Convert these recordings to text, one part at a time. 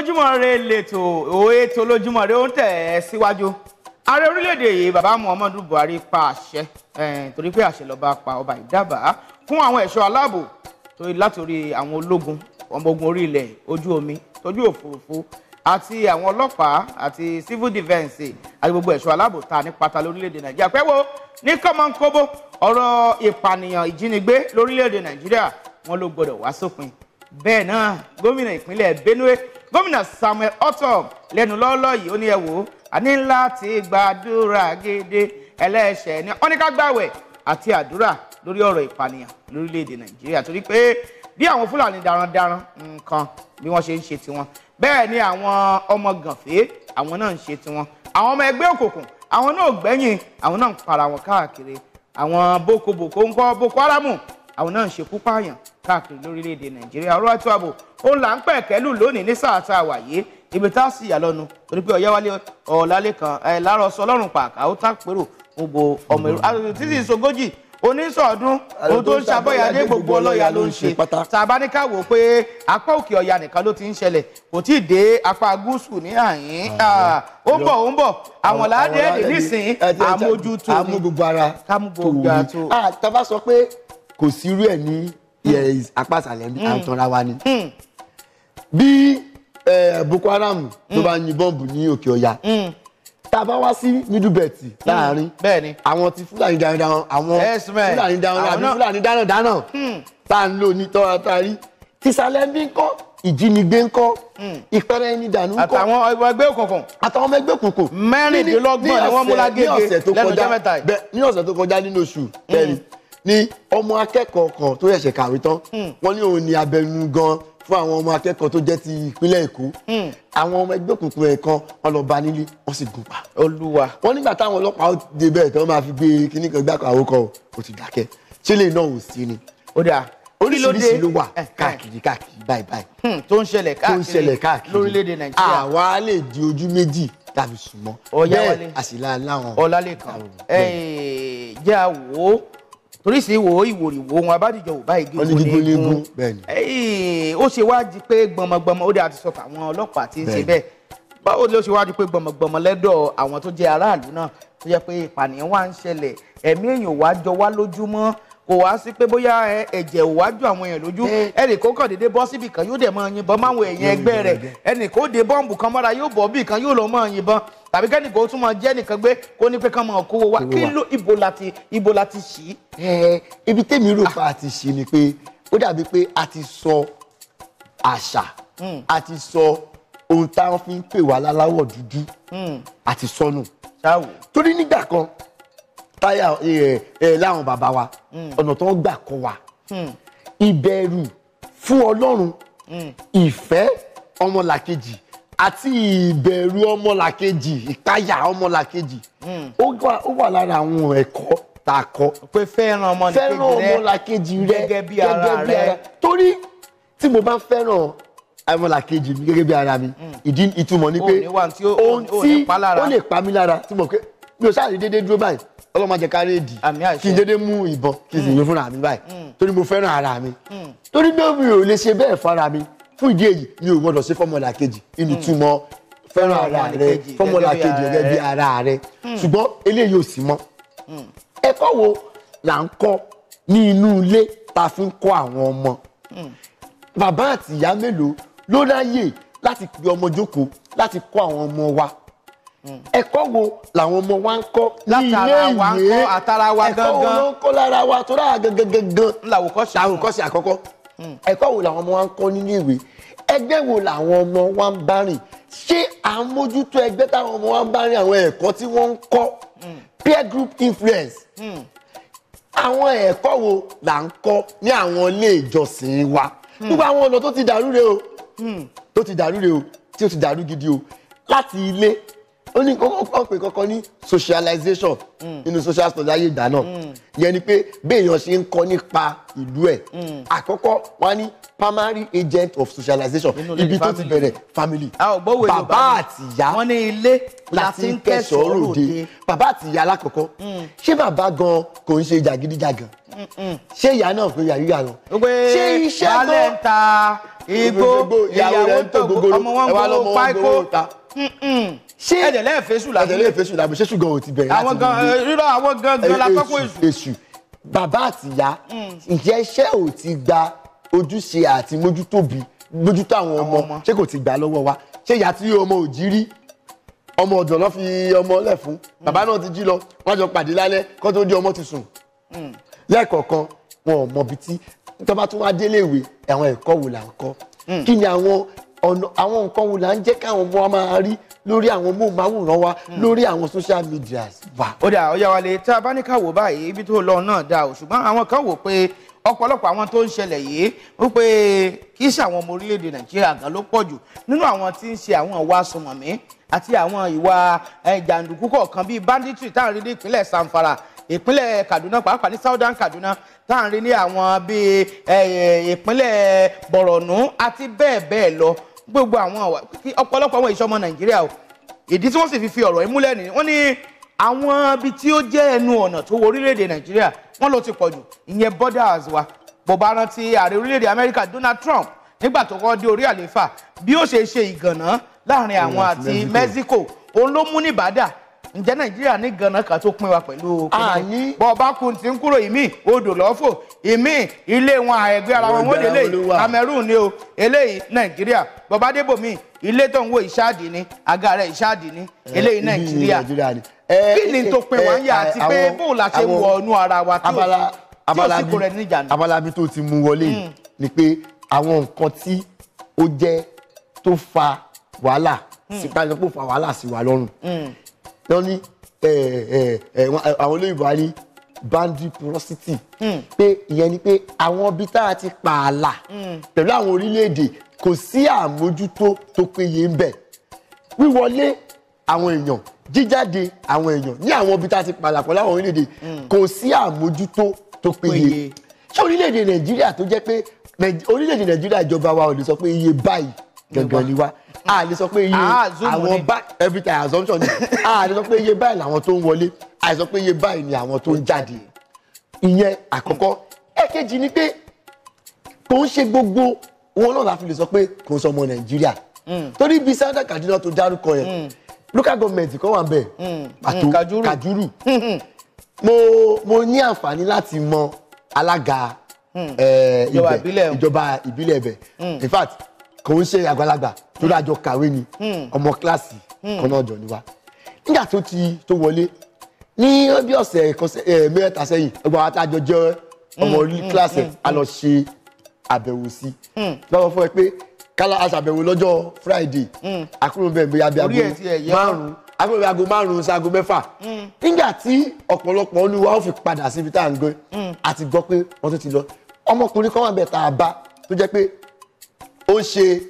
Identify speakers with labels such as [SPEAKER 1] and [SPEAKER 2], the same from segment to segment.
[SPEAKER 1] ojúmọ́ re lètò òye tó lójúmọ́ re ó ń tẹ̀ ẹ́ síwájú ààrẹ orílẹ̀-èdè yìí bàbá muhammadu buhari pa àṣẹ eh, torí pé àṣẹ lọ́ba pa ọba ìdábàá fún àwọn ẹ̀ṣọ́ aláàbò látòrí àwọn ológun ọmọ ogun orí ilẹ̀ ojú omi tójú òfurufú àti àwọn ọlọ́pàá àti civil defence àti gbogbo ẹ̀ṣọ́ aláàbò ta ní pátá lórílẹ̀-èdè nàìjíríà pẹ́ wo ní kọ́mọ́nkóbó ọ̀rọ̀ ìpànìyàn ìjínigbé lórílẹ̀-èdè nàìjíríà wọn ló gbọdọ̀ wá sópin bẹ́ẹ̀ náà gómìnà ìpínlẹ̀ benue gómìnà Samuel Ortom lẹ́nu lọ́ọ́lọ́ yìí ó ní ẹ wò ó àní láti gbàdúrà gidi ẹlẹ́ṣẹ̀ ni wọ́n ní ká gbàwẹ̀ àti àdúrà lórí ọ̀rọ̀ ìpànìyàn lórílẹ̀ Nàìjíríà torí pé bí àwọn Fúlàní darandaran nǹkan bí wọ́n ṣe ń ṣe tiwọn bẹ́ẹ̀ ni àwọn ọmọ gànfẹ́ àwọn náà ń ṣe tiwọn àwọn ọmọ ẹgbẹ́ òkùnkùn àwọn náà gbẹ́yìn àwọn náà ń para wọn káàkiri àwọn boko boko ńkọ́ Boko Haramu àwọn náà ń ṣekú pààyàn káàkiri lórílẹ̀‐èdè Nàìjíríà ọ̀rọ̀ ètò ààbò òun là ń pẹ̀ kẹ́lù lónìí ní sáà tá a wà yìí ibi tá a sì yà lọ́nu torí pé ọ̀yáwálé ọ̀làlẹ́kan ẹ̀ láàárọ̀ sọ ọlọ́run pàkà ó tàpérò gbogbo ọmọ ìlú àtúntò títí ìsogójì onísọ̀ọ́dún ohun tó ń ṣàbọ̀yàdé gbogbo ọlọ́yà ló ń ṣe tàbá ní ká wò ó pé apá òkè ọ̀yà nìkan ló ti ń ṣẹlẹ̀ kò tí ì dé apá gúúsù ní àyín ah, ah, ó ń bọ̀ ó ń bọ̀ àwọn làádé ẹ̀dẹ̀ nísìnyí àmójútó ni àmúgbogbo ara tó wù mí tàbá ah, sọ pé kò sí irú ẹ̀
[SPEAKER 2] ní hmm. apá àṣàlẹ̀ hmm. àtọ́ra ni. Hmm bí Boko Haram tó bá yin bọ́ǹbù ní òkè ọ̀yà mm. tá a bá wá sí middle belt láàrin mm. àwọn ti fúlàní darandaran àwọn fúlàní darandaran àbí fúlàní darandaran mm. tá a ń lò ní tọ́ra tá a rí tìsàlẹ̀ bí ń kọ́ ìjínigbé ńkọ́ ìpẹrẹ ẹni dànú ńkọ́ àtàwọn ọmọ ẹgbẹ́ òkùnkùn àtàwọn ọmọ ẹgbẹ́ òkùnkùn mẹ́rìndínlọ́gbọ̀n ni wọ́n múra gègé lẹ́nu ọjọ́ mẹ́ta yìí ní ọ̀sẹ̀ tó kọjá nínú oṣù kẹrin ni ọmọ akẹ́kọ̀ọ́ kan tó ṣẹ̀ṣẹ̀ kàwé tán wọ́n ní òun ni abẹnugan fún àwọn ọmọ akẹ́kọ̀ọ́ tó jẹ́ ti ìpínlẹ̀ Èkó hmm. àwọn ọmọ ẹgbẹ́ òkùnkùn ẹ̀ kan wọn lọ bá nílé wọn sì gùn pa. Olúwa wọn nígbà táwọn ọlọ́pàá ó dé bẹ́ẹ̀ tí wọ́n máa fi gbé kíní kan gbàkọ̀ àwòkọ ó ti dákẹ́ ṣé lè náà ò sí ni. ó dáa oríṣiríṣi ló wà káàkiri káàkiri báyìí báyìí. Hmm, tó ń ṣẹlẹ̀ káàkiri lórílẹ̀‐èdè
[SPEAKER 1] Nàìjíríà àwa lè
[SPEAKER 2] di ojú méjì tàbí sùnmọ́ bẹ́ẹ̀ àsìlá aláwọn.
[SPEAKER 1] Ọlálẹ́kan jẹ́ àwò torí sì wò ìwòrìwò wọn abádìjọ ò bá igi òun ní egun ó ṣe wá di pé gbọmọgbọmọ ó dé àti sọ fáwọn ọlọ́pàá tí ń ṣe bẹ́ẹ̀ báwo ló ṣe wá di pé gbọmọgbọmọ lẹ́dọ̀ àwọn tó jẹ́ aráàlú náà tó jẹ́ pé ìpànìyàn wà ń ṣẹlẹ̀ ẹ̀mí èèyàn wá jọ wá lójúmọ́ kò wá sí pé bóyá ẹ̀jẹ̀ ò wá jọ àwọn èèyàn lójú ẹnì kó kàn déédéé bọ́ síbì kan yóò dẹ̀ mọ́ yìnbọn máwọn èèyàn ẹgbẹ́ rẹ̀ ẹnì kó dé bọ́ǹbù kan mọ́ra yóò bọ́ bì kan yóò lọ mọ́ yìnbọn tàbí kẹ́nìkan ó tún máa jẹ́ nìkan gbé kó ní pé kán máa kówó wá kí ló ibo láti ibo láti ṣí.
[SPEAKER 2] ẹ ibi tèmi rò pa àti ṣí ni pé ó dàbí pé a ti sọ àṣà hmm. a ti sọ ohun táwọn fi ń pè wá láláwọ̀ dúdú hmm. a ti sọnù torí nígbà kan táyà ẹ ẹ láwọn bàbá wa hmm. ọ̀nà tó ń gbà kọ́ wa ìbẹ̀rù fún ọlọ́run ìfẹ́ ọmọlàkejì àti ìbẹ̀rù ọmọlàkejì ìpáyà ọmọlàkejì ó wà lára àwọn ẹ̀kọ́ tá a kọ́. pé fẹ́ràn ọmọlàkejì rẹ gẹ́gẹ́ bí ara rẹ torí tí mo bá fẹ́ràn ọmọlàkejì mi gẹ́gẹ́ bí ara mi hmm. ìdí ìtumọ̀ ni pé ohun tí ó lè pa mí lára tí mo pé mi ò sáà lè déédéé dúró báyìí ọlọ́mọ jẹ káréèdì kí n déédéé mú ìbọn kí n sì hmm. yún fúnra mi báyìí hmm. torí mo fẹ́ràn ara mi torí náà mi ò lè ṣe bẹ́ẹ̀ fara mi fún ìdí èyí mi ò gbọdọ̀ ṣe fọ́mọlà kejì ìnìtumọ̀ fẹ́ràn ara rẹ fọ́mọlà kejì gẹ́gẹ́ bí ara rẹ hmm. ṣùgbọ́n eléyìí ò sí mọ́ hmm. ẹ̀kọ́ wo là ń kọ́ ní inú ilé ta fi ń kọ́ àwọn ọmọ hmm. bàbá àti ìyá mélòó ló ráyè láti pe ọmọ jókòó láti kọ́ àwọn ọmọ wa ẹ̀kọ́ wo làwọn ọmọ wa ń kọ́ ní ilé ìwé ẹ̀kọ́ wo ló ń kọ́ lára wa tó lára gangan gangan làwòkọ́ṣe àkọ́kọ́ ẹ̀kọ́ wo làwọn ọmọ wa ń kọ́ nínú ìwé ẹgbẹ́ wo làwọn ọmọ wa ń bá rìn ṣé à ń mójútó ẹgbẹ́ táwọn ọmọ wa ń bá rìn àwọn ẹ̀kọ́ tí wọ́n ń kọ́ peer group influence àwọn ẹ̀kọ́ wo là ń kọ́ ní àwọn ilé ìjọsìn wa gbogbo àwọn ọ̀nà tó ti dàrú rèé o tó ti dàrú rèé o tí ó ti dàrú gidi o láti ilé ó ní kọ́kọ́ pé kọ́kọ́ ní socialization mm. nínú social studies ayé ìgbà náà mm. yẹn ni pé béèyàn ṣe ń kọ́ nípa ìlú ẹ̀ mm. àkọ́kọ́ wá ní primary agent of socialization ibi tó ti bẹ̀rẹ̀ family bàbá àtìyá wọn ní ilé láti ń kẹsàn-án ròde bàbá àtìyá alákọ̀ọ́kọ́ ṣé bàbá gan kò ń ṣe jàgídíjàgan ṣé ìyá náà kò yàrí yàrá e, ṣé iṣẹ́ náà igbó ìyàwó rẹ̀ ń tó gbogbo ọmọ wọn gbogbo páíkó ṣé ẹ̀dẹ̀lẹ́ ìfẹ́sù làbí ẹ̀dẹ̀lẹ́ ìfẹ́sù làbí ṣéṣù gan ò ti bẹ̀rẹ̀ láti mú mi rírọ àwọn gan gan la kọ́kọ́ èṣù. bàbá àtìyá ìjẹ́ hmm. iṣẹ́ ò ti gba ojúṣe àti mójútóbi mójútó àwọn ọmọ ṣé kò ti gbà lọ́wọ́ wa ṣé ìyá tí ọmọ ò jí rí ọmọ ọ̀dọ̀ lọ́ fi ọmọ lẹ̀ fún hmm. bàbá náà ti jí lọ wọ́n jọ pàdé lálẹ́ kó tó dé ọmọ ti sùn hmm. lẹ́ẹ̀kọ̀ọ̀kan wọn ò mọbi tí tó bá tún wá délé ìwé àwọn ẹ̀kọ́ wò là ń kọ́ kí ni àwọn ọ̀nà àwọn nǹkan wo
[SPEAKER 1] là ń jẹ́ káwọn ọmọ wa máa rí lórí àwọn móhùnmáwòrán wa hmm. lórí àwọn social media wa. ó dà ó yá wálé tá a bá ní ká wò báyìí ibi tó lọ náà dà ó ṣùgbọ́n àwọn kan wò pé ọ̀pọ̀lọpọ̀ àwọn tó ń ṣẹlẹ̀ yìí ó pé kì í ṣe àwọn ọmọ orílẹ̀-èdè nàìjíríà gan ló pọ̀ jù nínú àwọn tí ń ṣe àwọn ìwà sọmọ̀mí àti àwọn ìwà jàǹdùkú kọ̀ọ̀kan bíi banditry tá à ń rí ní ìpínlẹ̀ Zamfara ìpínlẹ̀ Kaduna pàápàá ní Southern Kaduna tá à ń rí ní àwọn bíi ìpínlẹ̀ Borno àti bẹ́ẹ̀ bẹ́ẹ̀ lọ gbogbo àwọn ọ̀pọ̀lọpọ̀ àwọn ìṣọmọ nàìjíríà o ìdí tí wọ́n sì fi fi ọ̀rọ̀ yìí múlẹ̀ nìyí wọ́n ní àwọn ibi tí ó jẹ́ ẹnu ọ̀nà tó wọ orílẹ̀-èdè nàìjíríà wọ́n ló ti pọ̀ jù ìyẹn borders wa bó bá rántí ààrẹ orílẹ̀-èdè amẹ́ríkà donald trump nígbà tó kọ́ dé orí àlééfà bí ó ṣe ṣe ìgànná láàrin àwọn àti mexico òun ló mú ní bàdà ǹjẹ́ nàìjíríà ní ganan kan tó pín wa pẹ̀lú kìnìún bọ́ọ̀bá kun ti ń kúrò ìmí odò lọ́fọ̀ ìmí ilé wọn àẹgbẹ́ ara wọn wọ́n lè lè Cameroon ni o eléyìí nàìjíríà bọ́ọ̀bá débòmí ilé tó ń wo ìṣáàdì ni àga rẹ̀ ìṣáàdì ni eh, eléyìí nàìjíríà eh, kí ni tó pín wá ń yà àti eh, pé bóun la ṣe wọ inú ara wa tí ó sì kó rẹ̀ níjànú. abalabi
[SPEAKER 2] tó ti mú wọlé hmm. ni pé àwọn nǹkan tí ó jẹ́ tó fa wàhálà sípàdé pò sí hmm wọ́n ní àwọn olóyìnbó á ní banditprocity hmm. pé ìyẹn ni pé àwọn ibi tá a ti pààlà hmm. pẹ̀lú àwọn orílẹ̀-èdè kò sí àmójútó tó péye ń bẹ̀ wíwọlé àwọn èèyàn jíjáde àwọn èèyàn ní àwọn ibi tá a ti pààlà pẹ̀lú àwọn orílẹ̀-èdè hmm. kò sí àmójútó tó péye ṣé orílẹ̀-èdè nàìjíríà tó jẹ́ pé orílẹ̀-èdè nàìjíríà ìjọba wa ò lè sọ pé iye báyìí gangan ni wá a lè sọ pé iye ah, ah, àwọn bá every time assumption ni a lè sọ pé iye báyìí làwọn to ń wọlé a lè sọ pé iye báyìí ni àwọn tó ń jáde ìyẹn akoko. ẹ̀kejì ni pé kò ń ṣe gbogbo wọn náà la fi lè sọ pé kò ń sọ ọmọ nàìjíríà hmm. torí bí Sanda Kaduna tó dárúkọ yẹn hmm. local government kan wà bẹ́ẹ̀
[SPEAKER 1] hmm. pàtó
[SPEAKER 2] Kajuru mo mo ní àǹfààní láti mọ alága eh, ìjọba ìbílẹ̀ ibẹ̀ in fact kò ń ṣe àgbàlagbà tó dájọ kàwé ni hmm. ọmọ kíláàsì hmm. kan náà jọ ni wa nígbà tó ti tó wọlé ní bí ọ̀sẹ̀ eh, mẹ́ta sẹ́yìn ọgbà wa tá a jọ jẹ́ ọmọ hmm. kíláàsì a lọ ṣe àbẹ̀wò sí lọ́wọ́ fún ẹ pé kálá aṣàbẹ̀wò lọ́jọ́ friday àkúrò bẹ́ẹ̀ bóyá bí aago márùn-ún àkúrò bíi aago márùn-ún sí aago mẹ́fà nígbà tí ọ̀pọ̀lọpọ̀ olúwa ó fi padà síbi tá à ń gbé àti gbọ́ pé wọ́n tún ti lọ ọmọkùnrin kan ó ń ṣe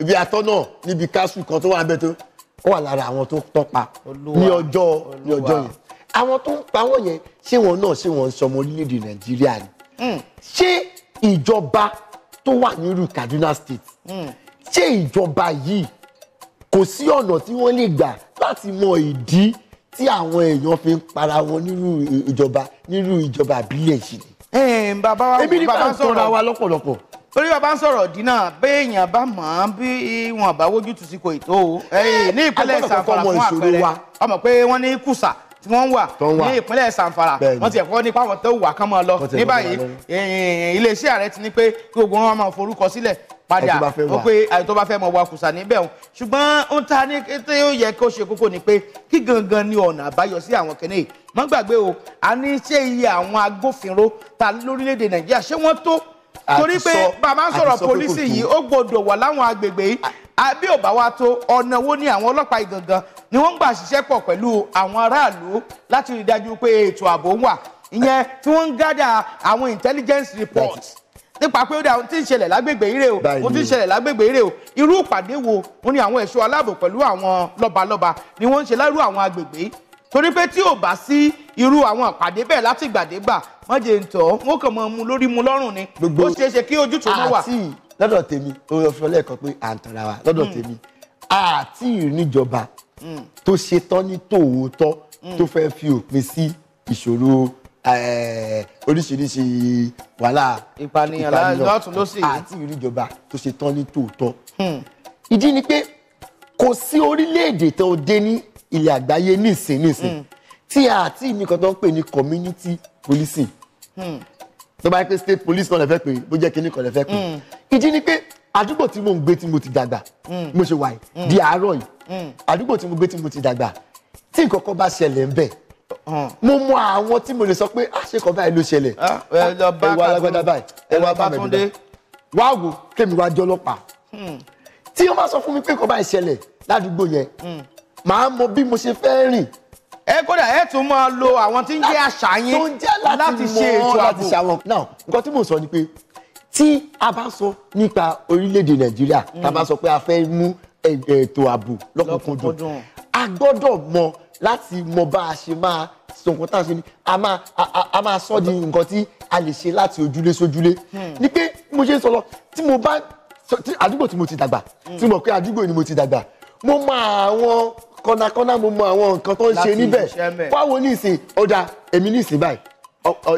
[SPEAKER 2] ibi atọ́nà níbi kásù kan tó wà níbẹ̀ tó ó wà lára àwọn tó tọ́pa ní ọjọ́ ní ọjọ́ yẹn àwọn tó ń pa wọ́n yẹn ṣé wọn náà ṣé wọn ń sọ ọmọ orílẹ̀-èdè nàìjíríà ni hmm. ṣé ìjọba tó wà nírú kaduna state hmm. ṣé ìjọba yìí kò sí ọ̀nà tí wọ́n lè gbà láti mọ ìdí tí àwọn èèyàn fi ń para wọn nírú ìjọba nírú ìjọba àbílẹ̀ yìí.
[SPEAKER 1] Eh, bàbá wa bàbá sọ̀rọ̀ èmi ní bá ń tọ́ra wa lọ́pọ̀lọpọ̀ torí bàbá ń sọ̀rọ̀ dínà béèyàn bá mọ̀ ọ́n bí wọn bá wójú tu sí kò ètò o ní ìpínlẹ̀ Sanfara fún àpẹẹrẹ ọmọ pé wọ́n ní kùsà tí wọ́n wà ní ìpínlẹ̀ Sanfara wọ́n ti ẹ̀kọ́ nípa àwọn tó wà kán mọ́ ọ lọ ní báyìí iléeṣẹ́ ààrẹ ti ní pé kí gbogbo wọn máa forúkọ sílẹ̀ padà ó pé àìtó bá fẹ́ mọ wa kùsà níbẹ̀ òun ṣùgbọ́n ó ta ní kété ó yẹ kó ṣe kókó ni pé kí gangan ni ọ̀nà àbáyọ sí àwọn kìnìún mọ́ gbàgbé o a ní ṣé iye àwọn agbófinró ta lórílẹ̀‐èdè Nàìjíríà ṣé wọ́n tó torí pé bàbá ń sọ̀rọ̀ polisi yìí ó gbọ́dọ̀ wà láwọn agbègbè yìí àbí ò bá wa tó ọ̀nà wo ni àwọn ọlọ́pàá ìgangan ni wọ́n ń gbà ṣiṣẹ́ pọ̀ pẹ̀lú àwọn aráàlú láti rí dájú pé ètò ààbò wà ìyẹn tí wọ́n ń gádà àwọn intelligence reports nípa pé ó dà tí ń ṣẹlẹ̀ lágbègbè ire o mo ti ń ṣẹlẹ̀ lágbègbè ire o irú ìpàdé wo wọ́n ní àwọn ẹ̀ṣọ́ aláàbò pẹ̀lú àwọn lọ́balọ́ba ni wọ́n ń ṣe lárú àwọn agbègbè torí pé tí ò bá sí irú àwọn ìpàdé bẹ́ẹ̀ látìgbàdégbà má jẹ ntọ́ wọn kàn máa mu lórí mu lọ́rùn ni ó ṣeé ṣe kí ojútùú náà wà. àti
[SPEAKER 2] lọ́dọ̀ tèmi òun lọ fún ọlẹ́ẹ̀kan pé à ń tara wa lọ́dọ̀ hmm. tèmi àti ìrìnìjọba hmm. tó ṣetán ní tòótọ́ hmm. tó fẹ́ fi òpin sí ìṣòro oríṣiríṣi wàhálà ìpànìyàn lọ́tún lọ́sì àti ìrìnìjọba tó ṣetán ní tòótọ́. ìdí ni pé kò sí orílẹ̀-èdè tó dé ní ilẹ̀ àgbáyé nísìnyìísìn tí àti ìmìkan tó ń pè ní community policing Hmm. tó bá yẹ pé state police kan lè fẹ́ pè bó jẹ́ kinní kan lè fẹ́ pè hmm. ìdí ni pé àdúgbò tí mo ń gbé tí mo ti dàgbà hmm. mo ṣe wà yìí di àárọ̀
[SPEAKER 1] yìí
[SPEAKER 2] àdúgbò tí mo gbé tí mo ti dàgbà tí nǹkan kan bá ṣẹlẹ̀ ń bẹ̀ mo mọ àwọn tí mo lè sọ pé àṣekọ ah, báyìí ló ṣẹlẹ̀ ah, ẹwà alágbádá báyìí ẹwà bàmẹ̀dẹ̀ wá wo kémi wá jọ ọlọ́pàá tí wọ́n bá sọ fún mi pé nǹkan báyìí ṣẹlẹ̀ ládùúgbò yẹn màá mọ bí mo ṣe fẹ́ rìn ẹ kódà ẹ tún máa lo
[SPEAKER 1] àwọn tí ń jẹ́ àṣà yín láti ṣe ètò
[SPEAKER 2] ààbò. now nǹkan tí mò ń sọ ni pé tí a bá sọ nípa orílẹ̀-èdè nàìjíríà mm. tá a bá sọ pé a fẹ́ mú ètò ààbò lọ́kùnkúndùn a gbọ́dọ̀ mọ láti mọ bá a ṣe máa sọ nǹkan tá a ṣe ni a máa a máa sọ di nǹkan tí a lè ṣe láti ojúlé sójúlé hmm. ni pé mo ṣe ń sọ lọ tí mo bá àdúgbò tí mo ti dàgbà hmm. tí mo mọ̀ pé àdúgbò ni mo ti dàgbà mo mọ àwọn kọ́nàkọ́nà mo mọ àwọn nǹkan tó ń ṣe níbẹ̀ fáwọn oníṣìn ọ̀dà èmi níṣìn báyìí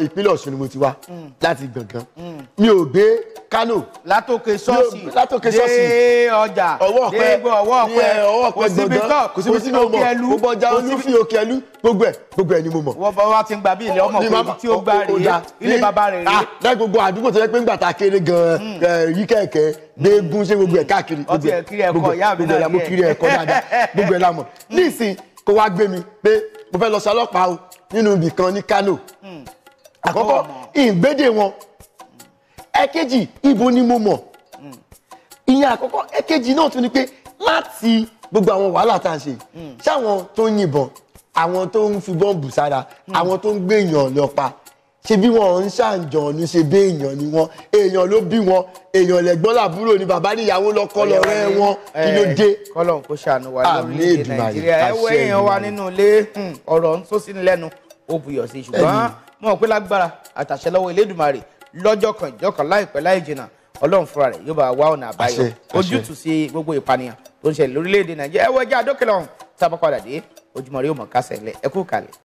[SPEAKER 2] ìpínlẹ̀ Ọ̀ṣun ni mo ti wá mm. láti Gbọ̀ngàn mm. mi ò
[SPEAKER 1] gbé Kano látòkè ṣọ́ọ̀ṣì látòkè ṣọ́ọ̀ṣì dé ọjà ọwọ́ ọ̀pẹ ọwọ́ ọ̀pẹ ọwọ́ ọ̀pẹ Gbọ̀ngàn kò síbi tó mọ̀ kó bọjá
[SPEAKER 2] olúfin òkè ẹlú gbogbo ẹ̀ gbogbo ẹ̀ ni mo mọ̀. wọ́n bá wa ti ń gba
[SPEAKER 1] bí ilé ọmọ kò tí ó gbá rèé ilé bàbá rẹ̀ rèé. láì
[SPEAKER 2] ah, gbogbo àdúgbò tó yẹ pé ń gbàtà kéré gan-an mm. yí kẹ̀kẹ́ gbẹ́gùn ṣé gbogbo ẹ̀ káàkiri gbogbo ẹ̀ gbogbo ẹ̀ mo kiri ẹ̀kọ́ dáadáa gbogbo ẹ̀ la mọ̀ nísìnyí kó wá gbé mi pé mo fẹ́ lọ sọ ọlọ́pàá o nínú ibì kan ní Kano àkọ́kọ́ ìgbédè wọn ẹ̀kejì ibo ni mo mọ̀ hmm. ìyẹn àkọ́kọ́ ẹ̀kejì náà tún ni pé láti gbogbo àwọn wàhálà tá à ń ṣe hmm. ṣáwọn tó ń yìnbọn àwọn tó ń fi bọ́ǹbù sára hmm. àwọn tó ń gbé èèyàn lọ pa ṣe bí wọn ń ṣàǹjọ ní ṣe bí èèyàn ni wọn èèyàn ló bí wọn èèyàn lẹ́gbọ́n làbúrò ni bàbá níyàwó lọ kọ́ lọ́rẹ́ wọn kí ló dé. kọ́lọ́n
[SPEAKER 1] kó ṣàánú wa lórílẹ̀‐èdè nàìjíríà ẹ̀wọ̀ èèyàn wa nínú ilé ọ̀rọ̀ ń tó sí lẹ́nu ó buyọ̀ sí ṣùgbọ́n mọ̀ pé lágbára àtàṣẹ lọ́wọ́ Elédùmarè lọ́jọ́ kan ìjọkan láìpẹ́ láì jìnnà Ọlọ́run fúnra rẹ̀ yóò bá wá ọ̀nà àbáyọ ojútùú sí gbogbo ìpànìyàn tó ń ṣẹlẹ̀ lórílẹ̀‐èdè Nàìjíríà ẹ̀wọ̀ ẹja àdókèlè ọ̀hún tá a bá padà dé Ojúmọ́ Ire yóò kásẹ̀ lẹ̀ ẹ̀kú kalẹ̀.